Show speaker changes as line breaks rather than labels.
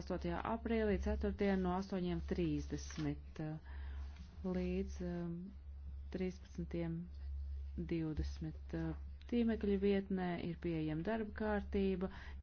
8. aprīlī, 4. no 8.30 līdz 13.20. Um, Tīmekļa vietnē ir pieejama darba kārtība,